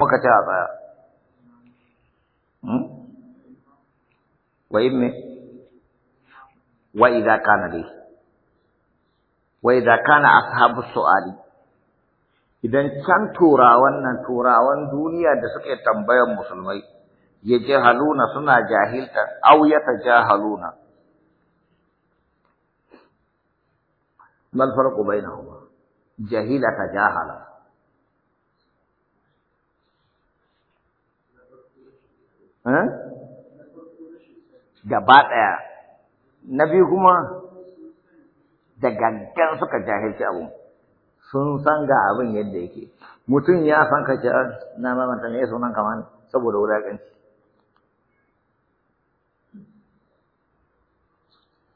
muka ce a tsaya hmm? Wai me wa'iza kana dai wa'iza kana ashabu su'ali idan can turawan nan turawan duniya da suke tambayan musulmai ya jahaluna suna jahilta au ya tajahaluna mal farqu bainahuma jahila tajahala Eh? Gaba ɗaya. Na biyu kuma da gangan suka jahilci abu. Sun san ga abin yadda yake. Mutum ya san ka ce ah, na mamanta ne sunan kamar saboda wulaƙanci.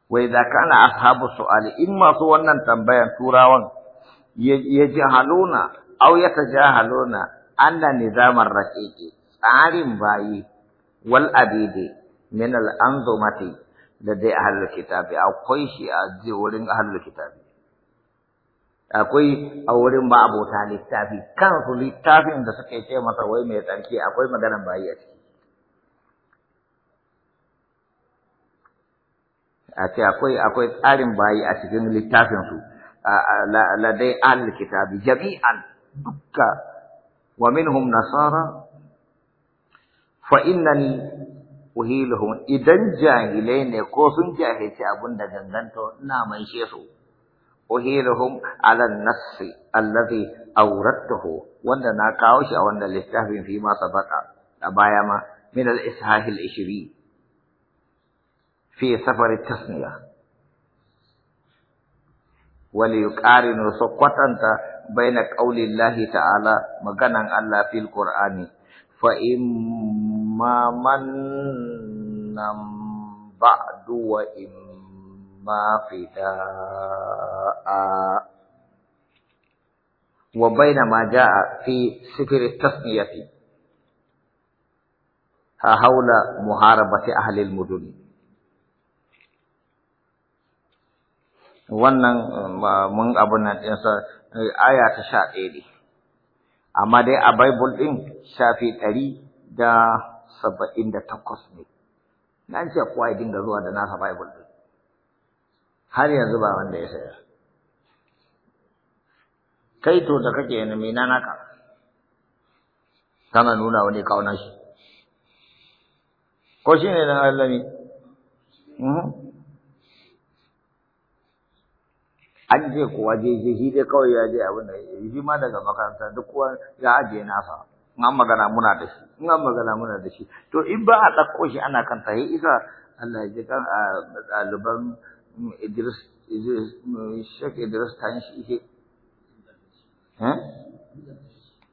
wai da kana su su'ali in masu wannan tambayan turawan ya ji ji haluna an da nizamar rakeke tsarin bayi wal abidi min al anzumati da dai ahlul kitabi akwai shi a wurin ahlul kitabi akwai a wurin abota littafi kansu littafin da suke ce masa wai mai tsarki akwai magana bayi a ciki a ce akwai akwai tsarin bayi a cikin littafin su ladai al kitabi jami'an dukka wa minhum nasara فإنني أهيلهم إذا جاهلين كوسن جاهل شابون دا جنزنتو نام يشيسو أهيلهم على النص الذي أوردته وانا ناكاوش وانا في فيما سبق أبايما من الإسهاه الإشري في سفر التسنية وليكارن سقطنت بينك قول الله تعالى مغنى الله في القرآن فإن imma mannan ba'du wa imma fida'a wa ma ja'a fi sifri tasniyati ha haula muharabati ahli al-mudun wannan mun abun nan din sa aya ta 11 ne amma dai a bible din shafi 100 da saba'in da takwas ne na ce kowa ya dinga zuwa da nasa bible ɗin har yanzu ba wanda ya saya kai to da kake yana mai naka kana nuna wani kauna shi ko shi ne dan Allah ne mhm. an je kuwa je shi dai kawai ya je abin da ya shi ma daga makaranta duk kuwa ya ajiye nasa in an magana muna da shi in an magana muna da shi to in ba a ɗauko shi ana kan tahi isa Allah ya kan a ɗaliban mm, Idris Idris mm, Sheikh Idris shi ihe eh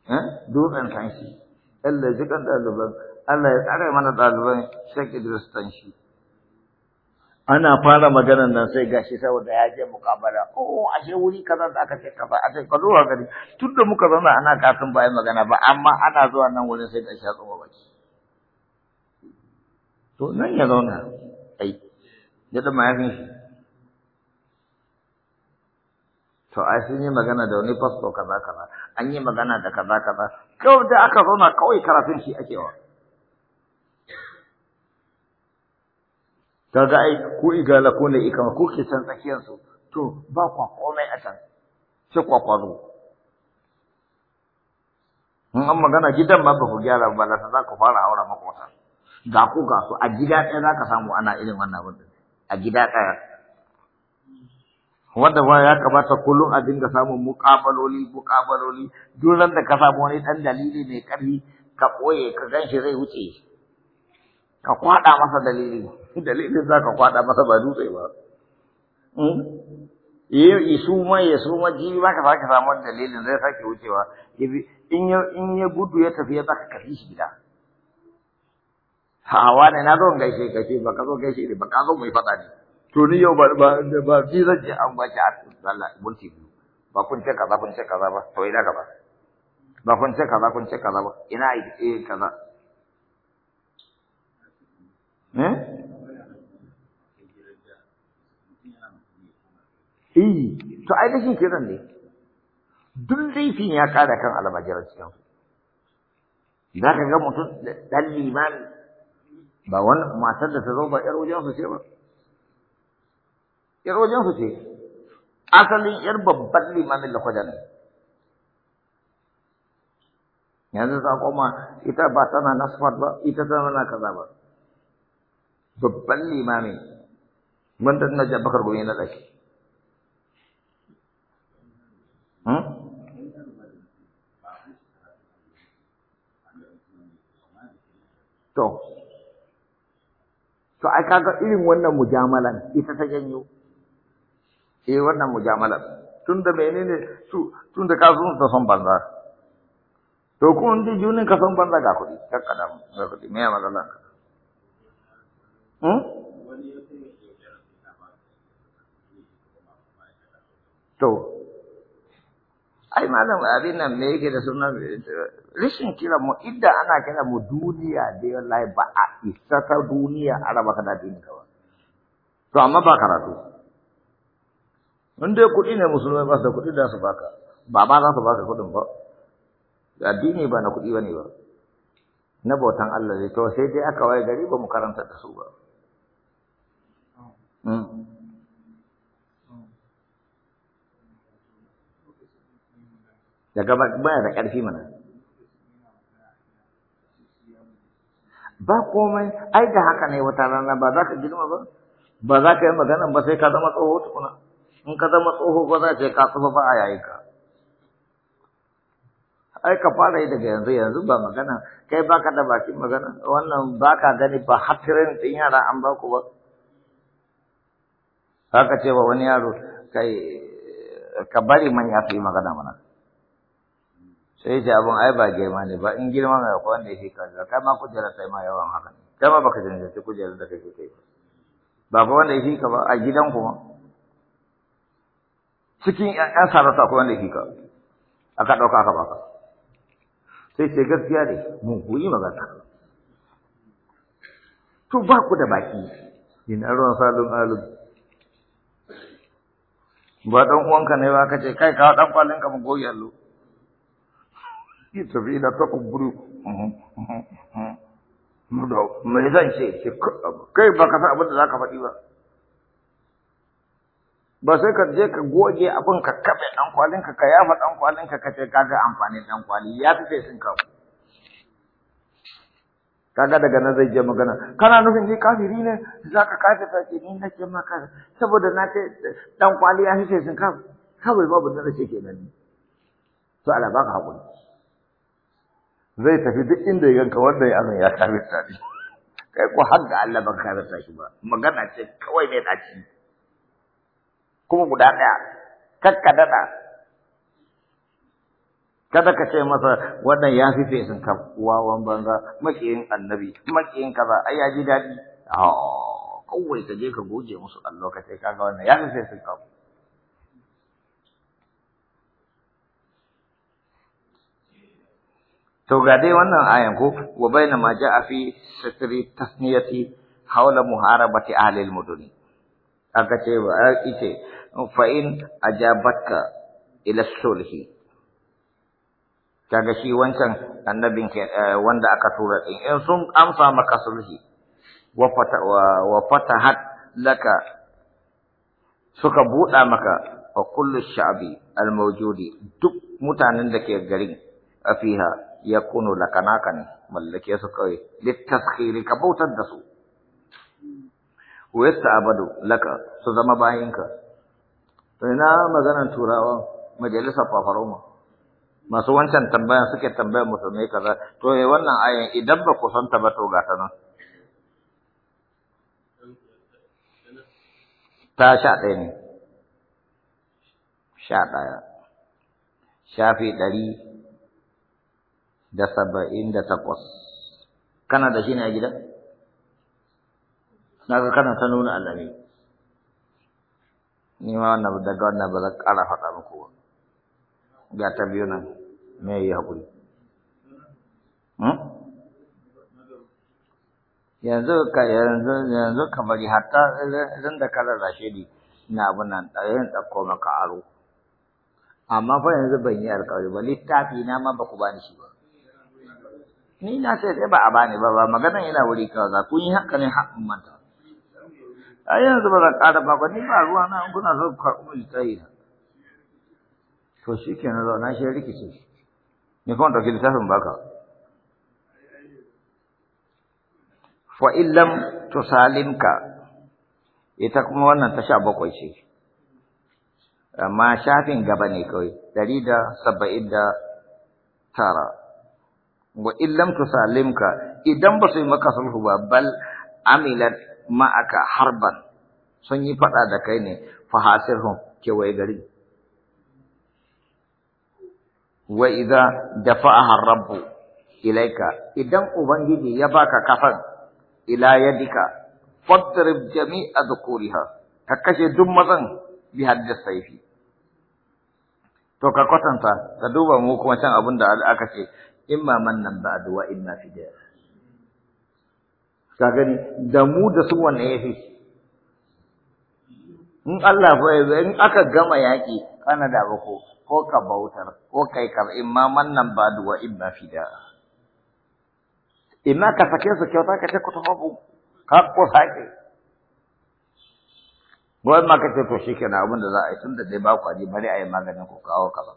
eh dutsen shi Allah ya kan ɗaliban Allah ya tsare mana ɗaliban Sheikh Idris shi ana fara magana nan sai gashi saboda ya je mukabara oh ashe wuri kaza da aka ce kaza a ce ka zuwa gari tun da muka zauna ana katin bayan magana ba amma ana zuwa nan wurin sai gashi ya tsoma baki to nan ya zauna ai ya da mayafin shi to ai sun yi magana da wani fasto kaza kaza an yi magana da kaza kaza kawai da aka zauna kawai karafin shi ake wa kaga ai ko igala ko ne ikama ko ke san tsakiyar su to ba kwa komai a can sai kwa kwazo in an magana gidan ma ba ku gyara ba lasa za ku fara haura makota ga ku ga su a gida ɗaya za ka samu ana irin wannan abin a gida ɗaya wanda ba ya kamata kullum a dinga samun muƙabaloli muƙabaloli duk nan da ka samu wani ɗan dalili mai ƙarfi ka ɓoye ka ganshi zai wuce ka kwaɗa masa dalili dalilin za ka kwada masa ba dutse ba yi suma ya ma ji ba ka sake samun dalilin zai sake wucewa in ya gudu ya tafi ya baka kafi shi gida hawa ne na zo gaishe ka ce baka zo gaishe ne baka zo mai faɗa ne to ni yau ba ba ba ji zan je an baki a Allah mulki ba kun ce kaza kun ce kaza ba to ina gaba ba kun ce kaza kun ce kaza ba ina aiki eh, kaza Iyi eh, to ai kenan ne. Duk laifin ya kada kan almajiran cikin. Za ka ga mutum ɗan limani. ba wani matar da ta zo ba ‘yar wajensu ce ba. ‘Yar wajensu ce, asalin ‘yar babban limamin lakwajen ne. yanzu za koma ita ba tana nasfar ba ita tana na kaza ba babban limamin wanda na jabakar gumi na ɗaki To, to ai kaga irin wannan mujamalan ita ta janyo, eh wannan mujamalan, tun da menene su tun da sun ta son banza. To kun ji junin ka son banza ga kuɗi, ka kada ga kuɗi, me matsalan ka? Hmm? To, ai malam abin nan me yake da sunan rishin kira mu idda ana kira mu duniya da wallahi ba a isa ta duniya a din ka ba kawai to amma ba karatu inda kudi kuɗi ne musulmai ba su da kuɗi da su baka ba ba za su baka kuɗin ba dini ba na kuɗi ba ba na botan Allah ne to sai dai aka waye gari ba mu karanta da su ba daga baya da ƙarfi mana ba komai ai da haka ne wata rana ba za ka girma ba ba za ka yi magana ba sai ka zama tsoho tukuna in ka zama tsoho ba za ce ka tsufa ba a yayi ka ai ka fara yi daga yanzu yanzu ba magana kai baka da bakin magana wannan baka gani ba hatirin din yara an ba ku ba haka ce wa wani yaro kai ka bari manya su yi magana mana sai ce abun ai ba girma ne ba in girma ne akwai wanda yake kaza kai ma kujerar sai ma yawan haka ne kai ma baka cancanci kujerar da kake kai ba ba wanda yake ka ba a gidan kuma cikin ƴan sarrafa akwai wanda yake ka aka ka aka baka sai ce gaskiya ne mun ku yi magana to ba ku da baki ina ruwan salon alun ba dan uwanka ne ba kace kai ka dan kwalin ka mu goyi allo sabila kai ba ka abin da za ka faɗi ba ba sai ka je ka goge abin ka kaɓe ɗan kwalin ka yafa ɗan kwalin ka ce ga amfanin ɗan kwali ya fi sai sun Ka kaga daga nan zai je magana kana nufin ni kafiri ne za ka zaka ta ce ni na ke maka saboda na ce dan kwali ya fi sun ka kawai babu da ce kenan to Allah baka hakuri zai tafi duk inda ya ganka wanda ya azan ya kafirta ne kai ko har da Allah ban ta shi ba magana ce kawai mai ci. kuma guda ɗaya kakka dada kada ka ce masa wannan ya fi fesin ka wawan banza makiyin annabi makiyin kaza ai ya ji daɗi kawai ka je ka goge musu Allah ka ce kaga wannan ya fi fesin ka to ga dai wannan ayan ko wa baina ma ja'a fi sirri tasniyati hawla muharabati ahli al-mudun aka ce ba ite fa in ajabatka ila sulhi kaga shi wancan annabin eh, wanda aka tura din in sun amsa maka sulhi wa fata wa fatahat laka suka buɗa maka wa kullu sha'bi al-mawjudi duk mutanen da ke garin afiha yakunu laka naka ne mallake su kawai littaskiri ka bautar da su westa abadu laka su zama bayinka to ina maganar turawan majalisar fafaroma masu wancan tambayan suke tambayar musulmai kaza to eh wannan ayan idan ba ku san ta ba to ta nan ta sha ɗaya ne sha ɗaya shafi ɗari da saba'in da takwas kana da shi ne a gida na ga kana ta nuna alami ni ma wannan daga wannan ba zan ƙara faɗa muku ba ga ta biyu nan me yi haƙuri hmm? yanzu ka yanzu yanzu ka bari hatta zan da kala da shedi na abun nan ɗayan ɗauko maka aro amma fa yanzu ban yi alƙawari ba littafi na ma ba ku bani shi ba ni na sai sai ba a bani ba ba magana ina wuri za ku yi haka ne haƙin manta a yanzu ba zan ƙara ba ni ba ruwa na kuna zo karɓi mu tsayi to shi ke na zauna shi rikice ni kuma ɗauki littafin baka fa illam tusalimka ita kuma wannan ta sha bakwai ce amma shafin gaba ne kawai ɗari da saba'in da tara wa illam tusalimka idan ba su yi maka sulhu ba bal amilat ma'aka harban sun yi faɗa da kai ne fa hasirhum kewaye gari wa idza dafa'aha rabbu ilaika idan ubangiji ya baka kafan ila yadika fadrib jami'a dhukuriha ka kashe duk mazan bi hadda saifi to ka kwatanta ka duba mu kuma can abin da aka ce imma mannan ba'd wa imma fidya ka gani da mu da su wanne yafi in Allah fa in aka gama yaki kana da bako ko ka bautar ko kai kar imma mannan ba'd wa imma fidya imma ka sake su kyauta ka ce ku tafi ka ko sake Bawan ma ce to shi kenan abin da za a yi tun da dai ba ku aje bari a yi maganin ku kawo kaza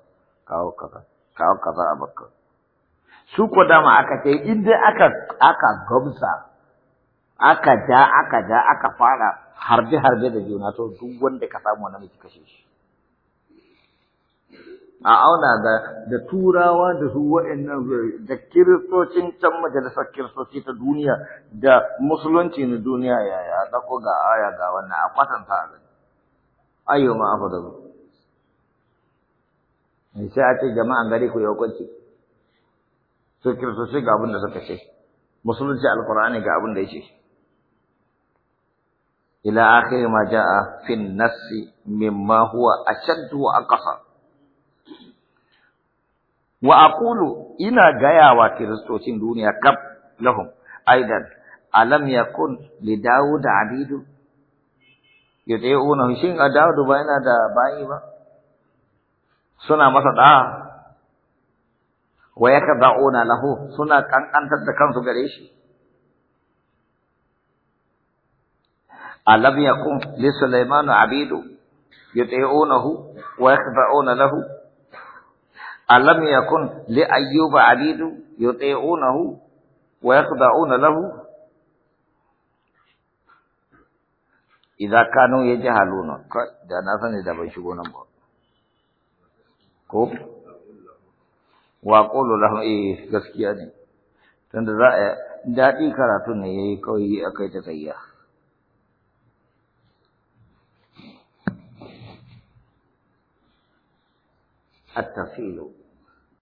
kawo kaza kawo kaza a bakka su ko dama aka ce in dai aka aka gamsa aka ja aka ja aka fara harbe harbe da juna to duk wanda ka samu wannan miki kashe shi a auna da da turawa da su waɗannan da kiristocin can majalisar kiristoci ta duniya da musulunci na duniya ya ya dako ga aya ga wannan a kwatanta a gani ayyo ma abu sai a ce jama'an gari ku yi hukunci sai kiristoci ga abin da suka ce musulunci alkur'ani ga abin da ya ce ila akhiri ma ja'a fi nassi mimma huwa ashaddu wa aqsa wa aqulu ina gayawa kiristocin duniya kab lahum aidan alam yakun li daud abidu yad'una shin a daud ba yana da bayi ba suna masa da'a wa yakhda'una lahu suna kankantar da kansu gare shi alam yakun li sulaiman abidu yuti'unahu wa yakhda'una lahu alam yakun li ayyuba abidu yuti'unahu wa yakhda'una lahu idza kanu yajhaluna da na sani da ban shigo nan ba ko wa qulu eh gaskiya ne tunda za a daɗi karatu ne yayi kawai akai ta tsayya التفصيل